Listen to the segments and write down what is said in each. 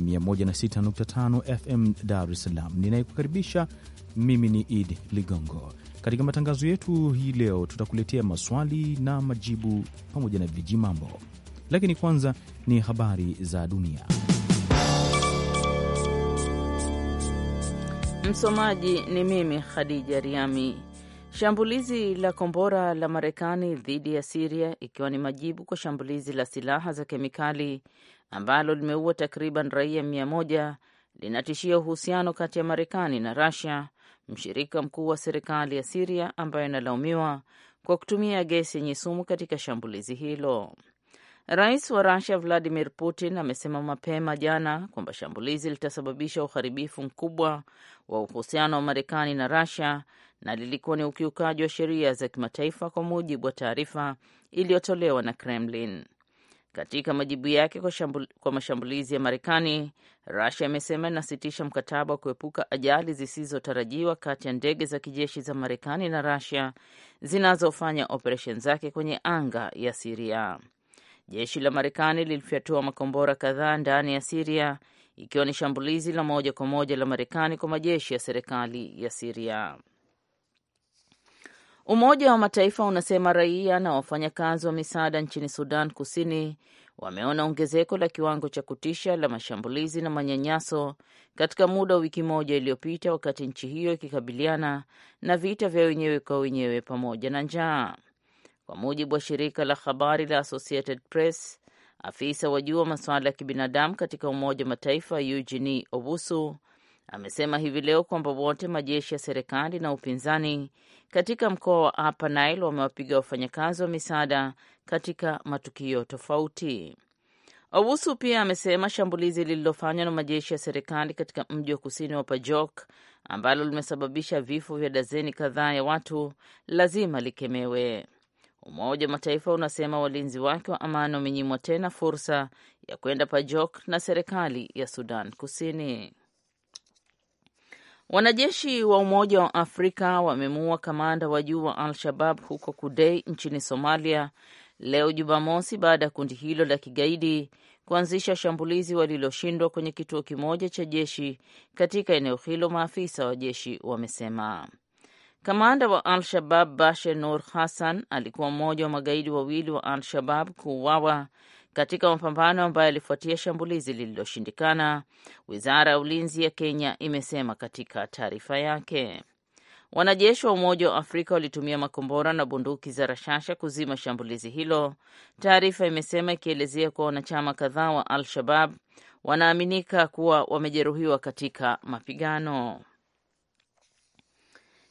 106.5 FM Dar es Salaam. Ninayekukaribisha mimi ni Idi Ligongo. Katika matangazo yetu hii leo tutakuletea maswali na majibu pamoja na viji mambo, lakini kwanza ni habari za dunia. Msomaji ni mimi Khadija Riami. Shambulizi la kombora la Marekani dhidi ya Siria ikiwa ni majibu kwa shambulizi la silaha za kemikali ambalo limeua takriban raia mia moja linatishia uhusiano kati ya Marekani na Rasia, mshirika mkuu wa serikali ya Siria ambayo inalaumiwa kwa kutumia gesi yenye sumu katika shambulizi hilo. Rais wa Rasia Vladimir Putin amesema mapema jana kwamba shambulizi litasababisha uharibifu mkubwa wa uhusiano wa Marekani na Rasia na lilikuwa ni ukiukaji wa sheria za kimataifa, kwa mujibu wa taarifa iliyotolewa na Kremlin. Katika majibu yake kwa, shambul, kwa mashambulizi ya Marekani, Rusia imesema inasitisha mkataba wa kuepuka ajali zisizotarajiwa kati ya ndege za kijeshi za Marekani na Rusia zinazofanya operesheni zake kwenye anga ya Siria. Jeshi la Marekani lilifyatua makombora kadhaa ndani ya Siria, ikiwa ni shambulizi la moja kwa moja la Marekani kwa majeshi ya serikali ya Siria. Umoja wa Mataifa unasema raia na wafanyakazi wa misaada nchini Sudan Kusini wameona ongezeko la kiwango cha kutisha la mashambulizi na manyanyaso katika muda wa wiki moja iliyopita, wakati nchi hiyo ikikabiliana na vita vya wenyewe kwa wenyewe pamoja na njaa. Kwa mujibu wa shirika la habari la Associated Press, afisa wa juu wa masuala ya kibinadamu katika Umoja wa Mataifa Eugenie Owusu amesema hivi leo kwamba wote majeshi ya serikali na upinzani katika mkoa wa Upper Nile wamewapiga wafanyakazi wa misaada katika matukio tofauti. Owusu pia amesema shambulizi lililofanywa na majeshi ya serikali katika mji wa kusini wa Pajok ambalo limesababisha vifo vya dazeni kadhaa ya watu lazima likemewe. Umoja wa Mataifa unasema walinzi wake wa amani wamenyimwa tena fursa ya kwenda Pajok na serikali ya Sudan Kusini. Wanajeshi wa Umoja wa Afrika wamemuua kamanda wa juu wa Al-Shabab huko Kudei nchini Somalia leo Jumamosi, baada ya kundi hilo la kigaidi kuanzisha shambulizi waliloshindwa kwenye kituo kimoja cha jeshi katika eneo hilo, maafisa wa jeshi wamesema. Kamanda wa Al-Shabab Bashe Nur Hassan alikuwa mmoja wa magaidi wawili wa Al-Shabab kuuawa katika mapambano ambayo yalifuatia shambulizi lililoshindikana, wizara ya ulinzi ya Kenya imesema katika taarifa yake. Wanajeshi wa Umoja wa Afrika walitumia makombora na bunduki za rashasha kuzima shambulizi hilo, taarifa imesema, ikielezea kuwa wanachama kadhaa wa Al-Shabab wanaaminika kuwa wamejeruhiwa katika mapigano.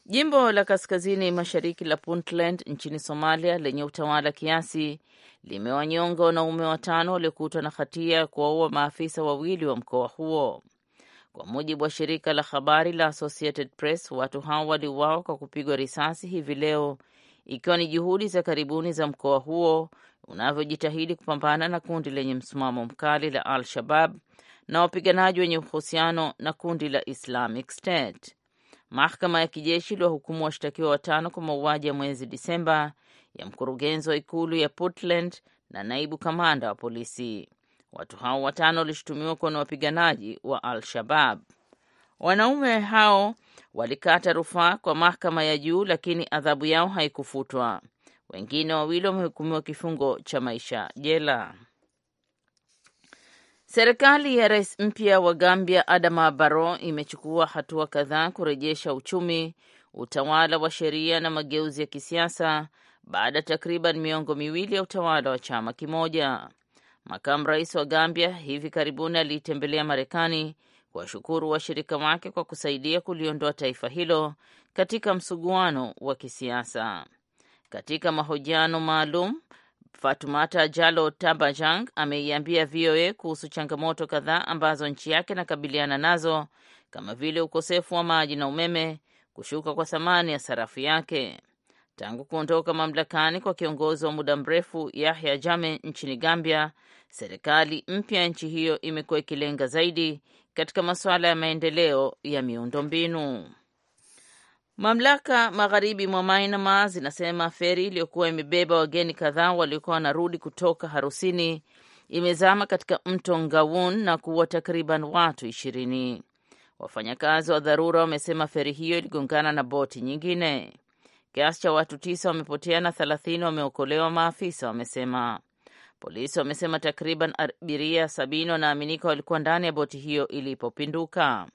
Jimbo la kaskazini mashariki la Puntland nchini Somalia lenye utawala kiasi limewanyonga wanaume watano waliokutwa na hatia ya kuwaua maafisa wawili wa mkoa huo. Kwa mujibu wa shirika la habari la Associated Press, watu hao waliuawa kwa kupigwa risasi hivi leo, ikiwa ni juhudi za karibuni za mkoa huo unavyojitahidi kupambana na kundi lenye msimamo mkali la Al-Shabab na wapiganaji wenye uhusiano na kundi la Islamic State. Mahakama ya kijeshi iliwahukumu washtakiwa watano kwa mauaji ya mwezi Disemba ya mkurugenzi wa ikulu ya Portland na naibu kamanda wa polisi. Watu hao watano walishutumiwa kuwa ni wapiganaji wa Al-Shabab. Wanaume hao walikata rufaa kwa mahakama ya juu, lakini adhabu yao haikufutwa. Wengine wawili wamehukumiwa kifungo cha maisha jela. Serikali ya rais mpya wa Gambia Adama Barrow imechukua hatua kadhaa kurejesha uchumi, utawala wa sheria na mageuzi ya kisiasa baada ya takriban miongo miwili ya utawala wa chama kimoja. Makamu rais wa Gambia hivi karibuni aliitembelea Marekani kuwashukuru washirika wake kwa kusaidia kuliondoa taifa hilo katika msuguano wa kisiasa. Katika mahojiano maalum Fatumata Jalo Tambajang ameiambia VOA kuhusu changamoto kadhaa ambazo nchi yake inakabiliana nazo kama vile ukosefu wa maji na umeme, kushuka kwa thamani ya sarafu yake. Tangu kuondoka mamlakani kwa kiongozi wa muda mrefu Yahya Jame nchini Gambia, serikali mpya ya nchi hiyo imekuwa ikilenga zaidi katika masuala ya maendeleo ya miundombinu. Mamlaka magharibi mwa Myanmar zinasema feri iliyokuwa imebeba wageni kadhaa waliokuwa wanarudi kutoka harusini imezama katika mto Ngawun na kuua takriban watu ishirini. Wafanyakazi wa dharura wamesema feri hiyo iligongana na boti nyingine. Kiasi cha watu tisa wamepotea na thelathini wameokolewa, maafisa wamesema. Polisi wamesema takriban abiria sabini wanaaminika walikuwa ndani ya boti hiyo ilipopinduka.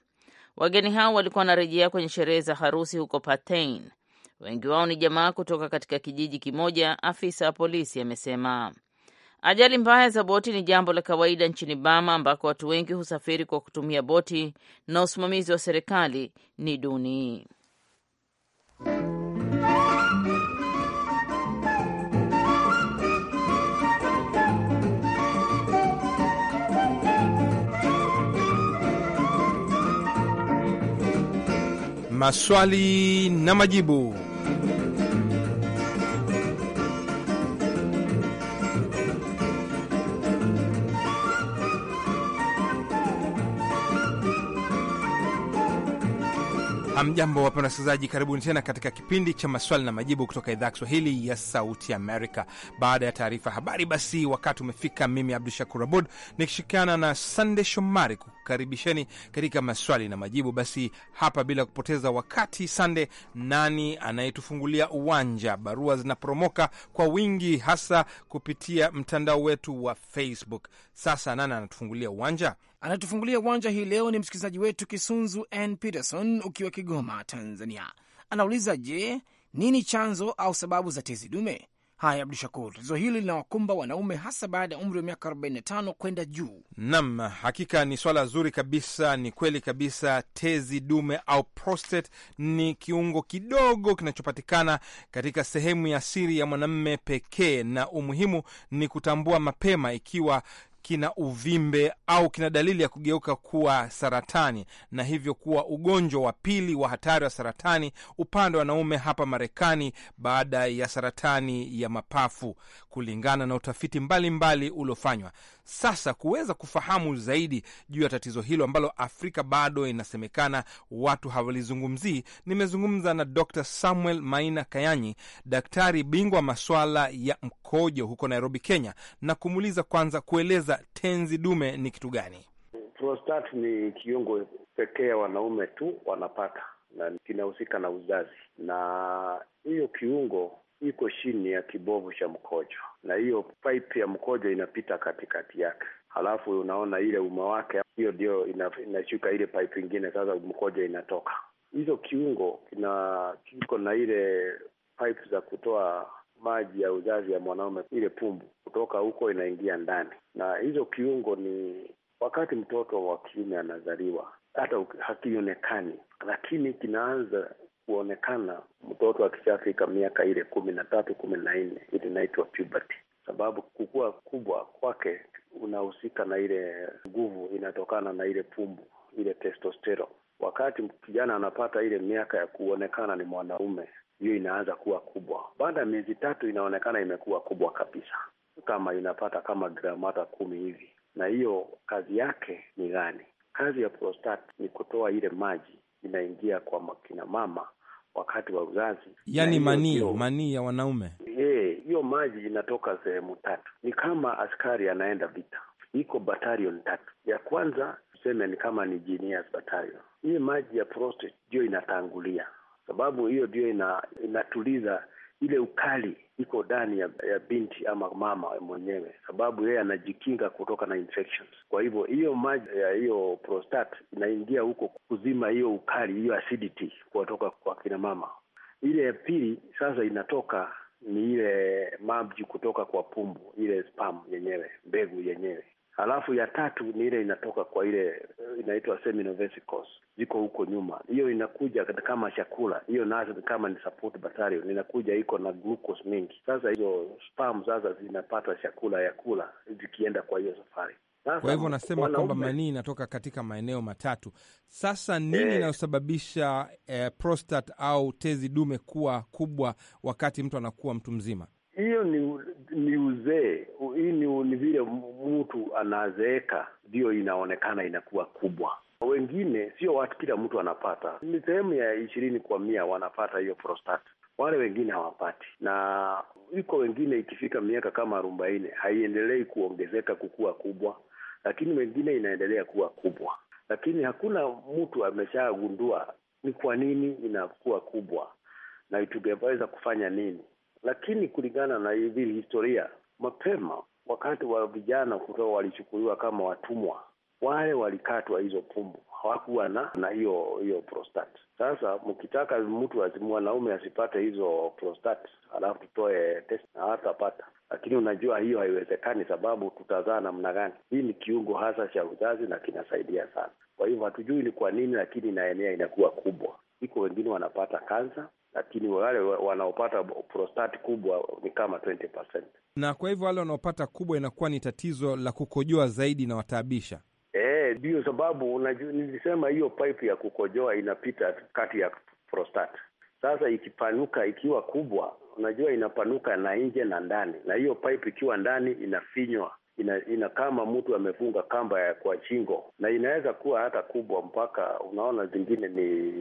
Wageni hao walikuwa wanarejea kwenye sherehe za harusi huko Patain. Wengi wao ni jamaa kutoka katika kijiji kimoja, afisa wa polisi amesema. Ajali mbaya za boti ni jambo la kawaida nchini Bama, ambako watu wengi husafiri kwa kutumia boti na usimamizi wa serikali ni duni. maswali na majibu. wa wapenda wasikilizaji, karibuni tena katika kipindi cha maswali na majibu kutoka idhaa ya Kiswahili ya Sauti Amerika. Baada ya taarifa habari, basi wakati umefika, mimi Abdu Shakur Abud nikishirikiana na Sande Shomari kukaribisheni katika maswali na majibu. Basi hapa bila kupoteza wakati, Sande, nani anayetufungulia uwanja? Barua zinaporomoka kwa wingi, hasa kupitia mtandao wetu wa Facebook. Sasa nani anatufungulia uwanja? Anatufungulia uwanja hii leo ni msikilizaji wetu Kisunzu N Peterson ukiwa Kigoma, Tanzania. Anauliza, je, nini chanzo au sababu za tezi dume? Haya, Abdu Shakur, tatizo hili linawakumba wanaume hasa baada ya umri wa miaka 45 kwenda juu. Naam, hakika ni swala zuri kabisa. Ni kweli kabisa, tezi dume au prostate ni kiungo kidogo kinachopatikana katika sehemu ya siri ya mwanamme pekee, na umuhimu ni kutambua mapema ikiwa kina uvimbe au kina dalili ya kugeuka kuwa saratani na hivyo kuwa ugonjwa wa pili wa hatari wa saratani upande wa wanaume hapa Marekani baada ya saratani ya mapafu, kulingana na utafiti mbalimbali uliofanywa sasa kuweza kufahamu zaidi juu ya tatizo hilo ambalo Afrika bado inasemekana watu hawalizungumzii. Nimezungumza na Dr Samuel Maina Kayanyi, daktari bingwa maswala ya mkojo huko Nairobi, Kenya, na kumuuliza kwanza kueleza tenzi dume ni kitu gani. Prostat ni kiungo pekee ya wanaume tu wanapata na kinahusika na uzazi, na hiyo kiungo iko chini ya kibovu cha mkojo na hiyo pipe ya mkojo inapita katikati yake, halafu unaona ile uma wake, hiyo ndio inashuka ile pipe ingine, sasa mkojo inatoka. Hizo kiungo kina kiko na ile pipe za kutoa maji ya uzazi ya mwanaume, ile pumbu kutoka huko inaingia ndani, na hizo kiungo ni wakati mtoto wa kiume anazaliwa hata hakionekani, lakini kinaanza kuonekana mtoto akishafika miaka ile kumi na tatu kumi na nne inaitwa puberty, sababu kukua kubwa kwake unahusika na ile nguvu inatokana na ile pumbu, ile testostero Wakati kijana anapata ile miaka ya kuonekana ni mwanaume, hiyo inaanza kuwa kubwa. Baada ya miezi tatu inaonekana imekuwa kubwa kabisa, kama inapata kama gramata kumi hivi. Na hiyo kazi yake ni gani? Kazi ya prostat ni kutoa ile maji inaingia kwa kina mama wakati wa uzazi, yaani manii manii ya wanaume. Eh, hiyo e, maji inatoka sehemu tatu, ni kama askari anaenda vita. Iko batalion tatu, ya kwanza tuseme ni kama ni genius batalion. Hii maji ya prostate ndio inatangulia, sababu hiyo ndio ina, inatuliza ile ukali iko ndani ya, ya binti ama mama mwenyewe, sababu yeye anajikinga kutoka na infections. Kwa hivyo hiyo maji ya hiyo prostate inaingia huko kuzima hiyo ukali, hiyo acidity kutoka kwa kina mama. Ile ya pili sasa inatoka ni ile maji kutoka kwa pumbu, ile sperm yenyewe, mbegu yenyewe. Halafu ya tatu ni ile inatoka kwa ile inaitwa seminovesicles, ziko huko nyuma. Hiyo inakuja kama chakula, hiyo nazo kama ni support battalion, inakuja iko na glucose mingi. Sasa hizo sperm sasa zinapata chakula ya kula zikienda kwa hiyo safari. Sasa, kwa hivyo nasema kwamba manii inatoka katika maeneo matatu. Sasa nini eh. inayosababisha eh, eh, prostate au tezi dume kuwa kubwa wakati mtu anakuwa mtu mzima? Hiyo ni ni uzee. Hii ni, ni vile mtu anazeeka ndiyo inaonekana inakuwa kubwa. Wengine sio watu, kila mtu anapata, ni sehemu ya ishirini kwa mia wanapata hiyo prostate, wale wengine hawapati, na iko wengine ikifika miaka kama arobaini haiendelei kuongezeka kukuwa kubwa, lakini wengine inaendelea kuwa kubwa, lakini hakuna mtu ameshagundua ni kwa nini inakuwa kubwa na tungeweza kufanya nini lakini kulingana na hivi historia, mapema wakati wa vijana kutoa walichukuliwa kama watumwa, wale walikatwa hizo pumbu, hawakuwa na na hiyo hiyo prostat. Sasa mkitaka mtu mwanaume asipate hizo prostat, alafu tutoe test na hatapata, lakini unajua hiyo haiwezekani, sababu tutazaa namna gani? Hii ni kiungo hasa cha uzazi na kinasaidia sana. Kwa hivyo hatujui ni kwa nini, lakini inaenea, inakuwa kubwa. Iko wengine wanapata kansa, lakini wale wanaopata prostati kubwa ni kama 20%. Na kwa hivyo wale wanaopata kubwa inakuwa ni tatizo la kukojoa zaidi na wataabisha eh, ndiyo. E, sababu nilisema hiyo pipe ya kukojoa inapita kati ya prostate. Sasa ikipanuka ikiwa kubwa, unajua inapanuka na nje na ndani, na hiyo pipe ikiwa ndani inafinywa ina, ina kama mtu amefunga kamba ya kwa shingo, na inaweza kuwa hata kubwa, mpaka unaona zingine ni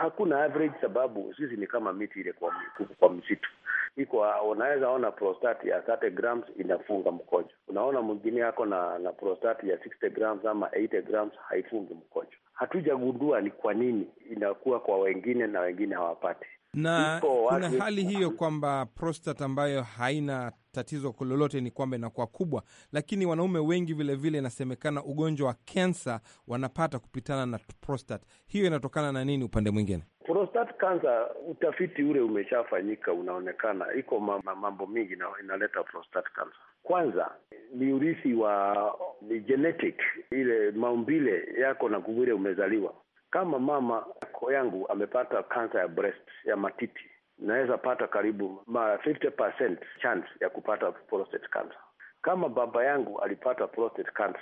hakuna average, sababu sisi ni kama miti ile kwa, kwa msitu iko. Unaweza ona prostati ya 30 grams inafunga mkojo, unaona mwingine yako na na prostati ya 60 grams ama 80 grams haifungi mkojo. Hatujagundua ni kwa nini inakuwa kwa wengine na wengine hawapati na kuna hali hiyo kwamba prostate ambayo haina tatizo lolote ni kwamba inakuwa kubwa, lakini wanaume wengi vilevile inasemekana vile ugonjwa wa kansa wanapata kupitana na prostat Hiyo inatokana na nini? Upande mwingine prostat kansa, utafiti ule umeshafanyika, unaonekana iko mambo mingi na inaleta prostat kansa. Kwanza ni urithi wa ni genetic, ile maumbile yako na kuvile umezaliwa kama mama yangu amepata kansa ya breast ya matiti, naweza pata karibu mara 50% chance ya kupata prostate cancer. Kama baba yangu alipata prostate cancer,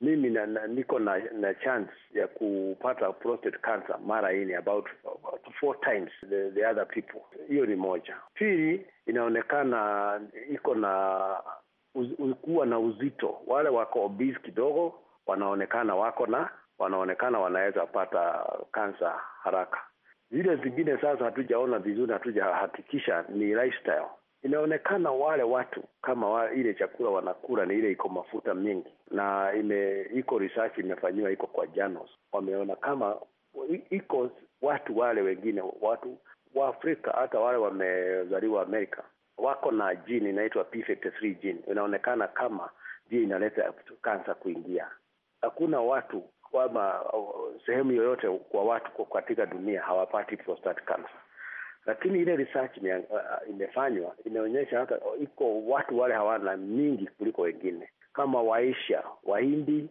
mimi na, na, niko na, na chance ya kupata prostate cancer mara ine about, about four times the, the other people. Hiyo ni moja. Pili, inaonekana iko na uz, kuwa na uzito. Wale wako obese kidogo wanaonekana wako na wanaonekana wanaweza pata kansa haraka. Zile zingine sasa hatujaona vizuri, hatujahakikisha ni lifestyle. Inaonekana wale watu kama wale, ile chakula wanakula ni ile iko mafuta mengi, na ime, iko research imefanyiwa iko kwa journals, wameona kama iko watu wale wengine watu wa Afrika hata wale wamezaliwa Amerika wako na jini inaitwa P53 jini, inaonekana kama ndio inaleta kansa kuingia. Hakuna watu kwamba uh, sehemu yoyote kwa watu katika dunia hawapati prostate cancer, lakini ile research ime, uh, imefanywa imeonyesha hata uh, iko watu wale hawana mingi kuliko wengine kama Waisha, Wahindi,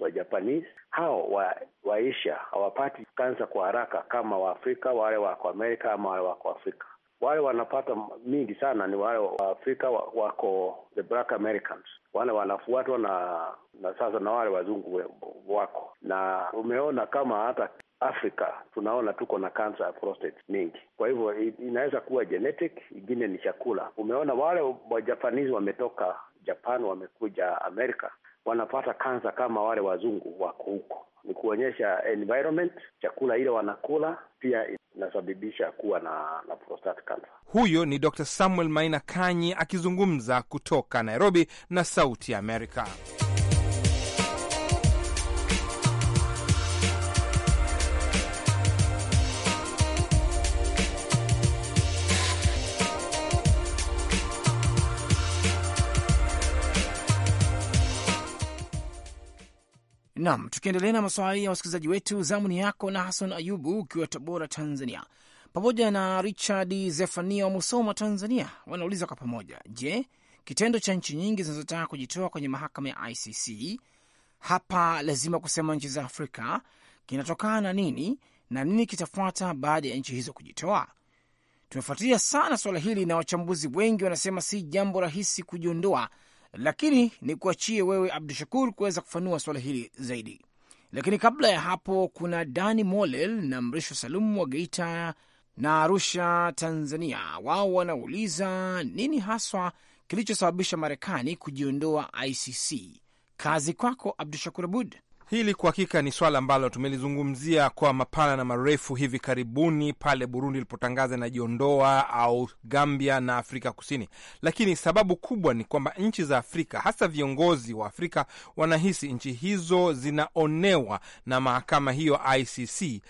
wa Japanese, hao wa, Waisha hawapati kansa kwa haraka kama Waafrika wale wako Amerika ama wale wako Afrika wale wanapata mingi sana ni wale Waafrika afrika wako the black Americans, wale wanafuatwa na na sasa na wale wazungu wako, na umeona kama hata Afrika tunaona tuko na kansa ya prostate mingi. Kwa hivyo inaweza kuwa genetic, ingine ni chakula. Umeona wale wajapanizi wametoka Japan wamekuja Amerika wanapata kansa kama wale wazungu wako huko. Ni kuonyesha environment, chakula ile wanakula pia inasababisha kuwa na, na prostate cancer. Huyo ni Dr. Samuel Maina Kanyi akizungumza kutoka Nairobi na Sauti ya Amerika. Nam, tukiendelea na maswala ya wasikilizaji wetu, zamu ni yako na Hasan Ayubu ukiwa Tabora, Tanzania, pamoja na Richard Zefania wa Musoma, Tanzania. Wanauliza kwa pamoja, je, kitendo cha nchi nyingi zinazotaka kujitoa kwenye mahakama ya ICC hapa lazima kusema nchi za Afrika kinatokana na nini na nini kitafuata baada ya nchi hizo kujitoa? Tumefuatilia sana suala hili na wachambuzi wengi wanasema si jambo rahisi kujiondoa lakini ni kuachie wewe Abdu Shakur kuweza kufanua swala hili zaidi. Lakini kabla ya hapo, kuna Dani Molel na Mrisho Salum wa Geita na Arusha, Tanzania. Wao wanauliza nini haswa kilichosababisha Marekani kujiondoa ICC? Kazi kwako Abdu Shakur Abud. Hili kwa hakika ni swala ambalo tumelizungumzia kwa mapana na marefu hivi karibuni pale Burundi ilipotangaza inajiondoa au Gambia na Afrika Kusini, lakini sababu kubwa ni kwamba nchi za Afrika, hasa viongozi wa Afrika, wanahisi nchi hizo zinaonewa na mahakama hiyo ICC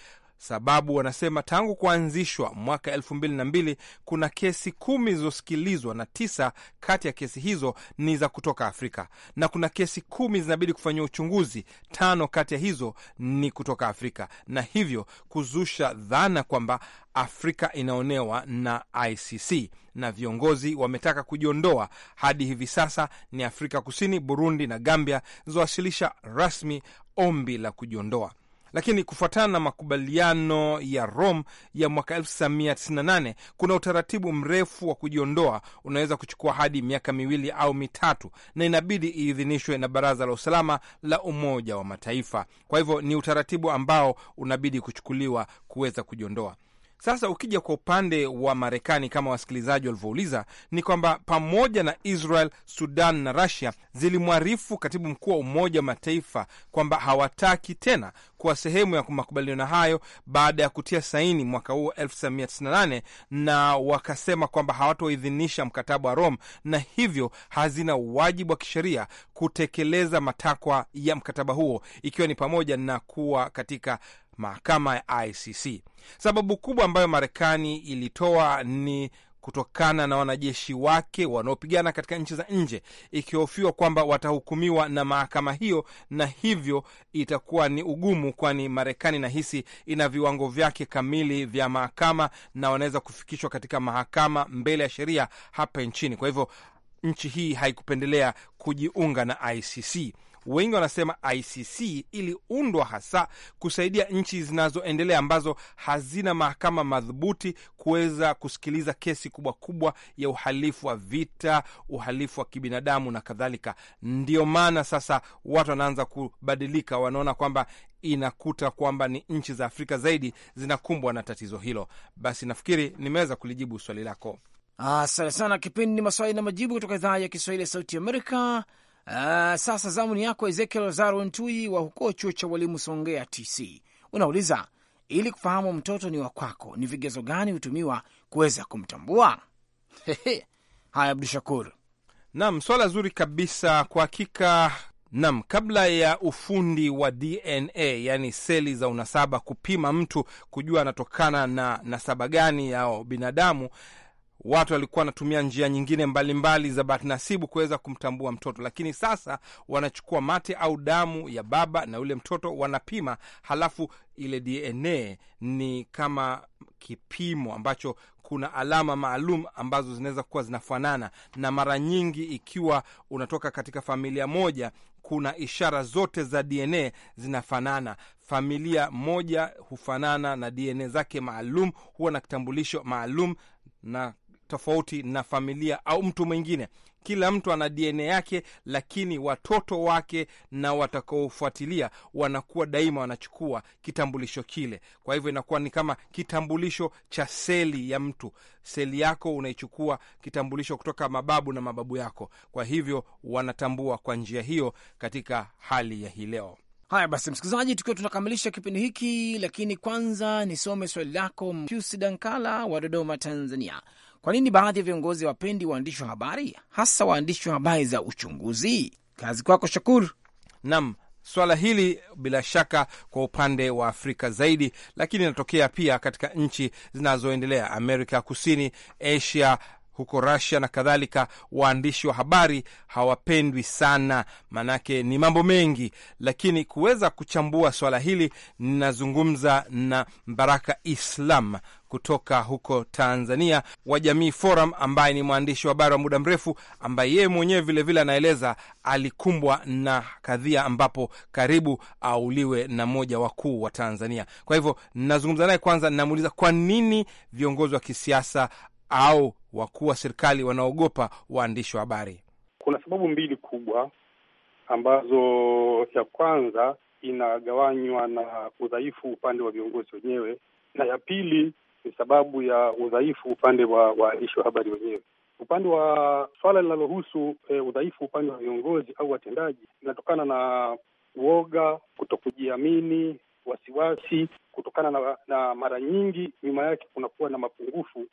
sababu wanasema tangu kuanzishwa mwaka elfu mbili na mbili kuna kesi kumi zilizosikilizwa na tisa kati ya kesi hizo ni za kutoka Afrika na kuna kesi kumi zinabidi kufanyia uchunguzi, tano kati ya hizo ni kutoka Afrika na hivyo kuzusha dhana kwamba Afrika inaonewa na ICC na viongozi wametaka kujiondoa. Hadi hivi sasa ni Afrika Kusini, Burundi na Gambia zilizowasilisha rasmi ombi la kujiondoa lakini kufuatana na makubaliano ya Rome ya mwaka 1998 kuna utaratibu mrefu wa kujiondoa, unaweza kuchukua hadi miaka miwili au mitatu, na inabidi iidhinishwe na Baraza la Usalama la Umoja wa Mataifa. Kwa hivyo ni utaratibu ambao unabidi kuchukuliwa kuweza kujiondoa. Sasa ukija kwa upande wa Marekani, kama wasikilizaji walivyouliza, ni kwamba pamoja na Israel, Sudan na rasia zilimwarifu katibu mkuu wa Umoja wa Mataifa kwamba hawataki tena kuwa sehemu ya makubaliano hayo baada ya kutia saini mwaka huu 1998 na wakasema kwamba hawatoidhinisha mkataba wa Rome na hivyo hazina wajibu wa kisheria kutekeleza matakwa ya mkataba huo, ikiwa ni pamoja na kuwa katika mahakama ya ICC. Sababu kubwa ambayo Marekani ilitoa ni kutokana na wanajeshi wake wanaopigana katika nchi za nje, ikihofiwa kwamba watahukumiwa na mahakama hiyo, na hivyo itakuwa ni ugumu, kwani Marekani nahisi ina viwango vyake kamili vya mahakama na wanaweza kufikishwa katika mahakama mbele ya sheria hapa nchini. Kwa hivyo nchi hii haikupendelea kujiunga na ICC. Wengi wanasema ICC iliundwa hasa kusaidia nchi zinazoendelea ambazo hazina mahakama madhubuti kuweza kusikiliza kesi kubwa kubwa ya uhalifu wa vita, uhalifu wa kibinadamu na kadhalika. Ndio maana sasa watu wanaanza kubadilika, wanaona kwamba inakuta kwamba ni nchi za Afrika zaidi zinakumbwa na tatizo hilo. Basi nafikiri nimeweza kulijibu swali lako. Asante sana. Kipindi ni maswali na majibu kutoka idhaa ya Kiswahili ya Sauti Amerika. Uh, sasa zamu ni yako Ezekiel Lazaro Ntui wa huko chuo cha walimu Songea TC, unauliza ili kufahamu mtoto ni wa kwako, ni vigezo gani hutumiwa kuweza kumtambua? Haya, Abdu Shakur. Naam, swala zuri kabisa kwa hakika. Nam, kabla ya ufundi wa DNA yaani seli za unasaba kupima mtu kujua anatokana na nasaba gani ya binadamu, watu walikuwa wanatumia njia nyingine mbalimbali mbali za bahati kuweza kumtambua mtoto, lakini sasa wanachukua mate au damu ya baba na yule mtoto wanapima, halafu ile DNA ni kama kipimo ambacho kuna alama maalum ambazo zinaweza kuwa zinafanana, na mara nyingi ikiwa unatoka katika familia moja, kuna ishara zote za DNA zinafanana. Familia moja hufanana na DNA zake maalum, huwa na kitambulisho maalum na tofauti na familia au mtu mwingine. Kila mtu ana DNA yake, lakini watoto wake na watakaofuatilia wanakuwa daima wanachukua kitambulisho kile. Kwa hivyo inakuwa ni kama kitambulisho cha seli ya mtu. Seli yako unaichukua kitambulisho kutoka mababu na mababu yako, kwa hivyo wanatambua kwa njia hiyo, katika hali ya hii leo. Haya basi, msikilizaji, tukiwa tunakamilisha kipindi hiki, lakini kwanza nisome swali lako Mpusi Dankala wa Dodoma, Tanzania. Kwa nini baadhi ya viongozi wapendi waandishi wa habari, hasa waandishi wa habari za uchunguzi? Kazi kwako Shakur. Naam, Swala hili bila shaka kwa upande wa Afrika zaidi, lakini inatokea pia katika nchi zinazoendelea, Amerika Kusini, Asia, huko rusia na kadhalika, waandishi wa habari hawapendwi sana, maanake ni mambo mengi. Lakini kuweza kuchambua swala hili, ninazungumza na baraka Islam kutoka huko Tanzania wa Jamii Forum, ambaye ni mwandishi wa habari wa muda mrefu, ambaye yeye mwenyewe vilevile anaeleza alikumbwa na kadhia ambapo karibu auliwe na mmoja wakuu wa Tanzania. Kwa hivyo nazungumza naye kwanza, namuuliza kwa nini viongozi wa kisiasa au wakuu wa serikali wanaogopa waandishi wa habari? Kuna sababu mbili kubwa ambazo, ya kwanza inagawanywa na udhaifu upande wa viongozi wenyewe, na ya pili ni sababu ya udhaifu upande wa waandishi wa habari wenyewe. Upande wa swala linalohusu e, udhaifu upande wa viongozi au watendaji, inatokana na uoga, kutokujiamini, wasiwasi, kutokana na, na mara nyingi nyuma yake kunakuwa na mapungufu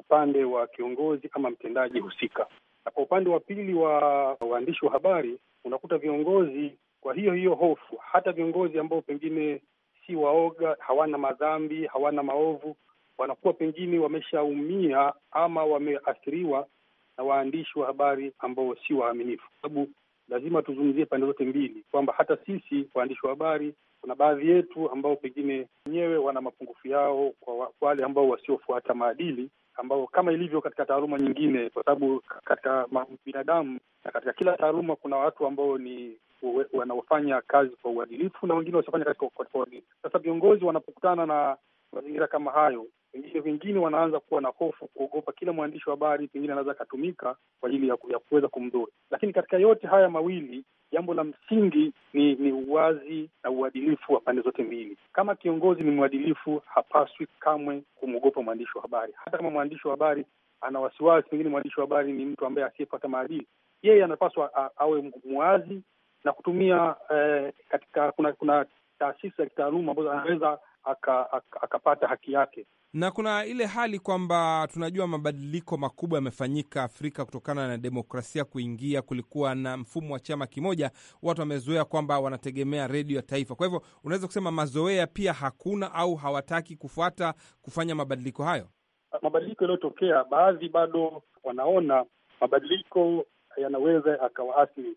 upande wa kiongozi kama mtendaji husika, na kwa upande wa pili wa waandishi wa habari unakuta viongozi kwa hiyo hiyo hofu, hata viongozi ambao pengine si waoga, hawana madhambi, hawana maovu, wanakuwa pengine wameshaumia ama wameathiriwa na waandishi wa habari ambao si waaminifu, sababu lazima tuzungumzie pande zote mbili, kwamba hata sisi waandishi wa habari kuna baadhi yetu ambao pengine wenyewe wana mapungufu yao, kwa wale ambao wasiofuata maadili ambao kama ilivyo katika taaluma nyingine, kwa sababu katika binadamu na katika kila taaluma kuna watu ambao ni wanaofanya kazi kwa uadilifu na wengine wasiofanya kazi kwa uadilifu. Sasa viongozi wanapokutana na mazingira kama hayo, pengine wengine wanaanza kuwa na hofu, kuogopa kila mwandishi wa habari pengine anaweza akatumika kwa ajili ya kuweza kumdhuri. Lakini katika yote haya mawili, jambo la msingi ni ni uwazi na uadilifu wa pande zote mbili. Kama kiongozi ni mwadilifu, hapaswi kamwe kumwogopa mwandishi wa habari, hata kama mwandishi wa habari ana wasiwasi. Pengine mwandishi wa habari ni mtu ambaye asiyepata maadili, yeye anapaswa awe mwazi na kutumia eh, katika kuna kuna taasisi za kitaaluma ambazo anaweza akapata aka, aka haki yake na kuna ile hali kwamba tunajua mabadiliko makubwa yamefanyika Afrika kutokana na demokrasia kuingia. Kulikuwa na mfumo wa chama kimoja, watu wamezoea kwamba wanategemea redio ya taifa. Kwa hivyo unaweza kusema mazoea pia hakuna au hawataki kufuata kufanya mabadiliko hayo. Mabadiliko yaliyotokea, baadhi bado wanaona mabadiliko yanaweza akawaathiri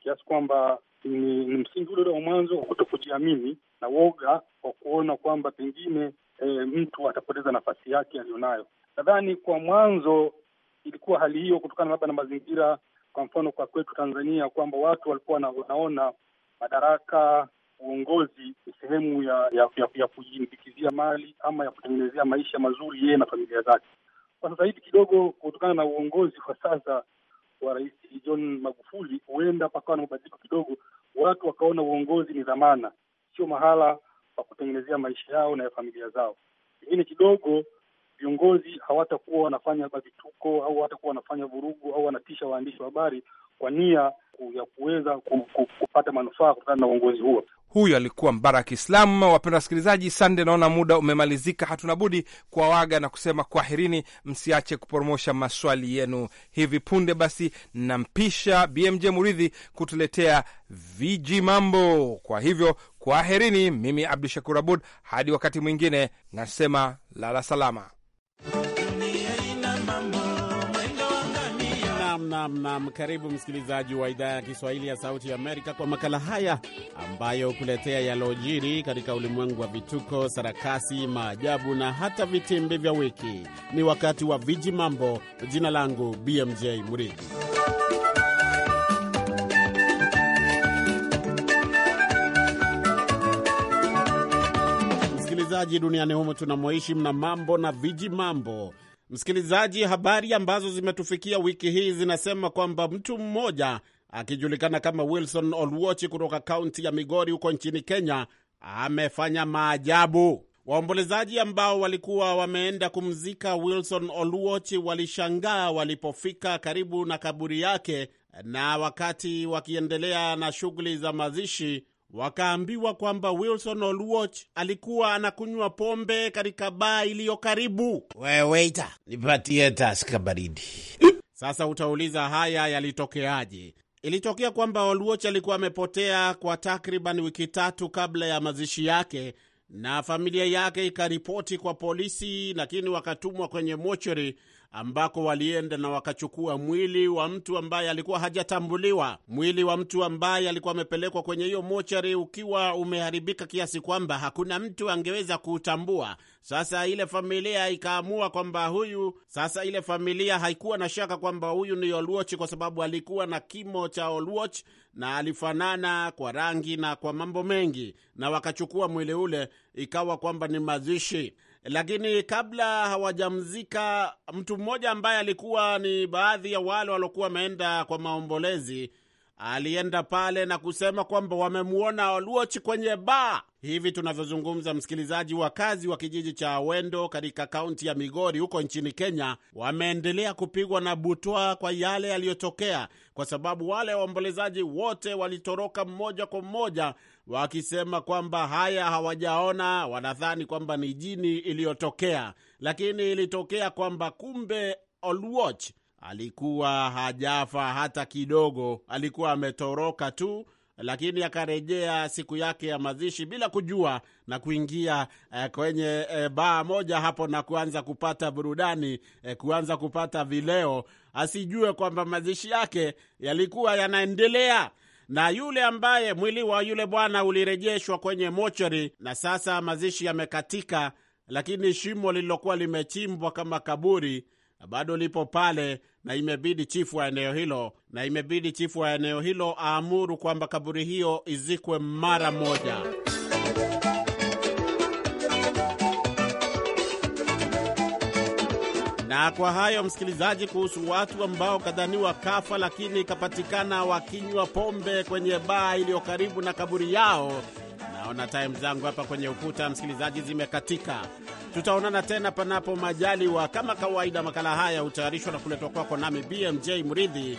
kiasi kwamba ni, ni msingi ule ule wa mwanzo wa kuto kujiamini na woga wa kuona kwamba pengine e, mtu atapoteza nafasi yake aliyonayo. Nadhani kwa mwanzo ilikuwa hali hiyo kutokana labda na mazingira, kwa mfano kwa kwetu Tanzania, kwamba watu walikuwa wanaona madaraka, uongozi ni sehemu ya ya, ya, ya kujiimbikizia mali ama ya kutengenezea maisha mazuri yeye na familia zake. Kwa sasa hivi kidogo, kutokana na uongozi kwa sasa wa Rais John Magufuli, huenda pakawa na mabadiliko kidogo, watu wakaona uongozi ni dhamana, sio mahala wa kutengenezea maisha yao na ya familia zao. Pengine kidogo viongozi hawatakuwa wanafanya vituko au hawatakuwa wanafanya vurugu au wanatisha waandishi wa habari kwa nia ya kuweza kupata manufaa kutokana na uongozi huo. Huyu alikuwa Mbarak Islam. Wapenda wasikilizaji, sande, naona muda umemalizika, hatuna budi kuwaaga na kusema kwaherini. Msiache kupromosha maswali yenu. Hivi punde basi nampisha BMJ Muridhi kutuletea viji mambo. Kwa hivyo Kwaherini, mimi Abdu Shakur Abud, hadi wakati mwingine, nasema lala salama. Nam, nam, karibu msikilizaji wa idhaa ya Kiswahili ya Sauti ya Amerika kwa makala haya ambayo hukuletea yalojiri katika ulimwengu wa vituko, sarakasi, maajabu na hata vitimbi vya wiki. Ni wakati wa viji mambo. Jina langu BMJ Muridi. msikilizaji, duniani humo tunamoishi mna mambo na viji mambo. Msikilizaji, habari ambazo zimetufikia wiki hii zinasema kwamba mtu mmoja akijulikana kama Wilson Olwochi kutoka kaunti ya Migori huko nchini Kenya amefanya maajabu. Waombolezaji ambao walikuwa wameenda kumzika Wilson Olwochi walishangaa walipofika karibu na kaburi yake, na wakati wakiendelea na shughuli za mazishi Wakaambiwa kwamba Wilson Oluoch alikuwa anakunywa pombe katika baa iliyo karibu. We nipatie taska baridi. Sasa utauliza haya yalitokeaje? Ilitokea kwamba Oluoch alikuwa amepotea kwa takriban wiki tatu kabla ya mazishi yake, na familia yake ikaripoti kwa polisi, lakini wakatumwa kwenye mochari ambako walienda na wakachukua mwili wa mtu ambaye alikuwa hajatambuliwa, mwili wa mtu ambaye alikuwa amepelekwa kwenye hiyo mochari ukiwa umeharibika kiasi kwamba hakuna mtu angeweza kuutambua. Sasa ile familia ikaamua kwamba huyu, sasa ile familia haikuwa na shaka kwamba huyu ni Olwoch kwa sababu alikuwa na kimo cha Olwoch na alifanana kwa rangi na kwa mambo mengi, na wakachukua mwili ule, ikawa kwamba ni mazishi. Lakini kabla hawajamzika, mtu mmoja ambaye alikuwa ni baadhi ya wale waliokuwa wameenda kwa maombolezi alienda pale na kusema kwamba wamemwona Oluoch kwenye baa. Hivi tunavyozungumza, msikilizaji, wakazi wa kijiji cha Awendo katika kaunti ya Migori huko nchini Kenya wameendelea kupigwa na butwa kwa yale yaliyotokea, kwa sababu wale waombolezaji wote walitoroka mmoja kwa mmoja wakisema kwamba haya hawajaona, wanadhani kwamba ni jini iliyotokea, lakini ilitokea kwamba kumbe Oluoch alikuwa hajafa hata kidogo, alikuwa ametoroka tu, lakini akarejea siku yake ya mazishi bila kujua na kuingia eh, kwenye eh, baa moja hapo na kuanza kupata burudani eh, kuanza kupata vileo, asijue kwamba mazishi yake yalikuwa yanaendelea na yule ambaye mwili wa yule bwana ulirejeshwa kwenye mochari, na sasa mazishi yamekatika, lakini shimo lililokuwa limechimbwa kama kaburi bado lipo pale, na imebidi chifu wa eneo hilo na imebidi chifu wa eneo hilo aamuru kwamba kaburi hiyo izikwe mara moja. Na kwa hayo, msikilizaji, kuhusu watu ambao kadhaniwa kafa lakini ikapatikana wakinywa pombe kwenye baa iliyo karibu na kaburi yao. Naona time zangu hapa kwenye ukuta, msikilizaji, zimekatika. Tutaonana tena panapo majali wa Kama kawaida, makala haya hutayarishwa na kuletwa kwako nami BMJ Mridhi,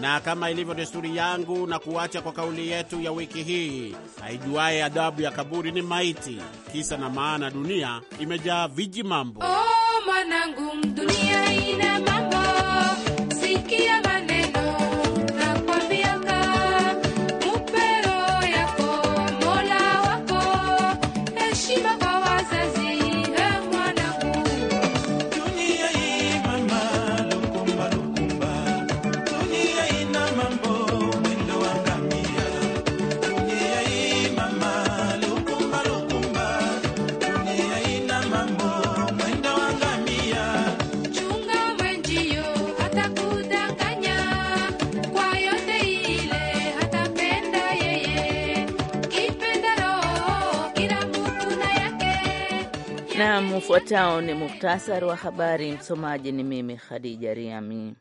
na kama ilivyo desturi yangu, na kuacha kwa kauli yetu ya wiki hii, haijuaye adabu ya kaburi ni maiti. Kisa na maana, dunia imejaa viji mambo. Oh, mwanangu, dunia ina mambo. Sikia Ufuatao ni muhtasari wa habari. Msomaji ni mimi Khadija Riami.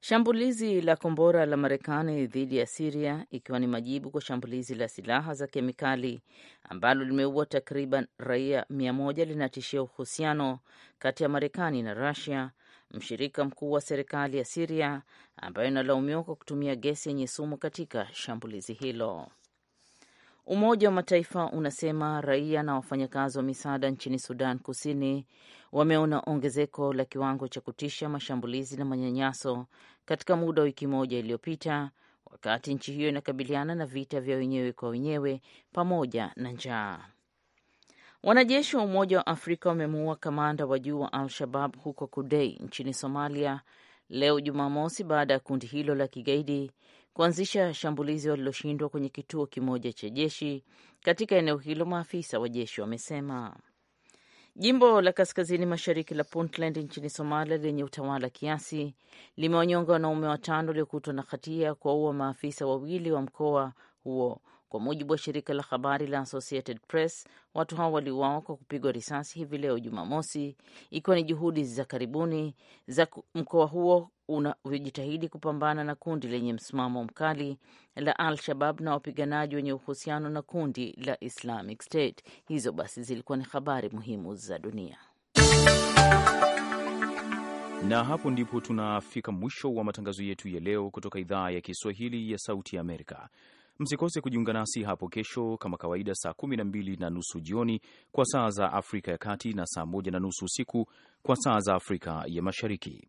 Shambulizi la kombora la Marekani dhidi ya Siria ikiwa ni majibu kwa shambulizi la silaha za kemikali ambalo limeua takriban raia mia moja linatishia uhusiano kati ya Marekani na Rusia, mshirika mkuu wa serikali ya Siria ambayo inalaumiwa kwa kutumia gesi yenye sumu katika shambulizi hilo. Umoja wa Mataifa unasema raia na wafanyakazi wa misaada nchini Sudan Kusini wameona ongezeko la kiwango cha kutisha mashambulizi na manyanyaso katika muda wa wiki moja iliyopita, wakati nchi hiyo inakabiliana na vita vya wenyewe kwa wenyewe pamoja na njaa. Wanajeshi wa Umoja wa Afrika wamemuua kamanda wa juu wa Al-Shabab huko Kudei nchini Somalia leo Jumamosi, baada ya kundi hilo la kigaidi kuanzisha shambulizi waliloshindwa kwenye kituo kimoja cha jeshi katika eneo hilo, maafisa wa jeshi wamesema. Jimbo la kaskazini mashariki la Puntland nchini Somalia lenye utawala kiasi limewanyonga wanaume watano waliokutwa na hatia ya kuwaua maafisa wawili wa mkoa huo. Kwa mujibu wa shirika la habari la Associated Press, watu hao waliuawa kwa kupigwa risasi hivi leo Jumamosi, ikiwa ni juhudi za karibuni za mkoa huo ulijitahidi kupambana na kundi lenye msimamo mkali la Al-Shabab na wapiganaji wenye uhusiano na kundi la Islamic State. Hizo basi zilikuwa ni habari muhimu za dunia. Na hapo ndipo tunafika mwisho wa matangazo yetu ya leo kutoka idhaa ya Kiswahili ya Sauti ya Amerika. Msikose kujiunga nasi hapo kesho kama kawaida, saa 12 na nusu jioni kwa saa za Afrika ya Kati na saa 1 na nusu usiku kwa saa za Afrika ya Mashariki.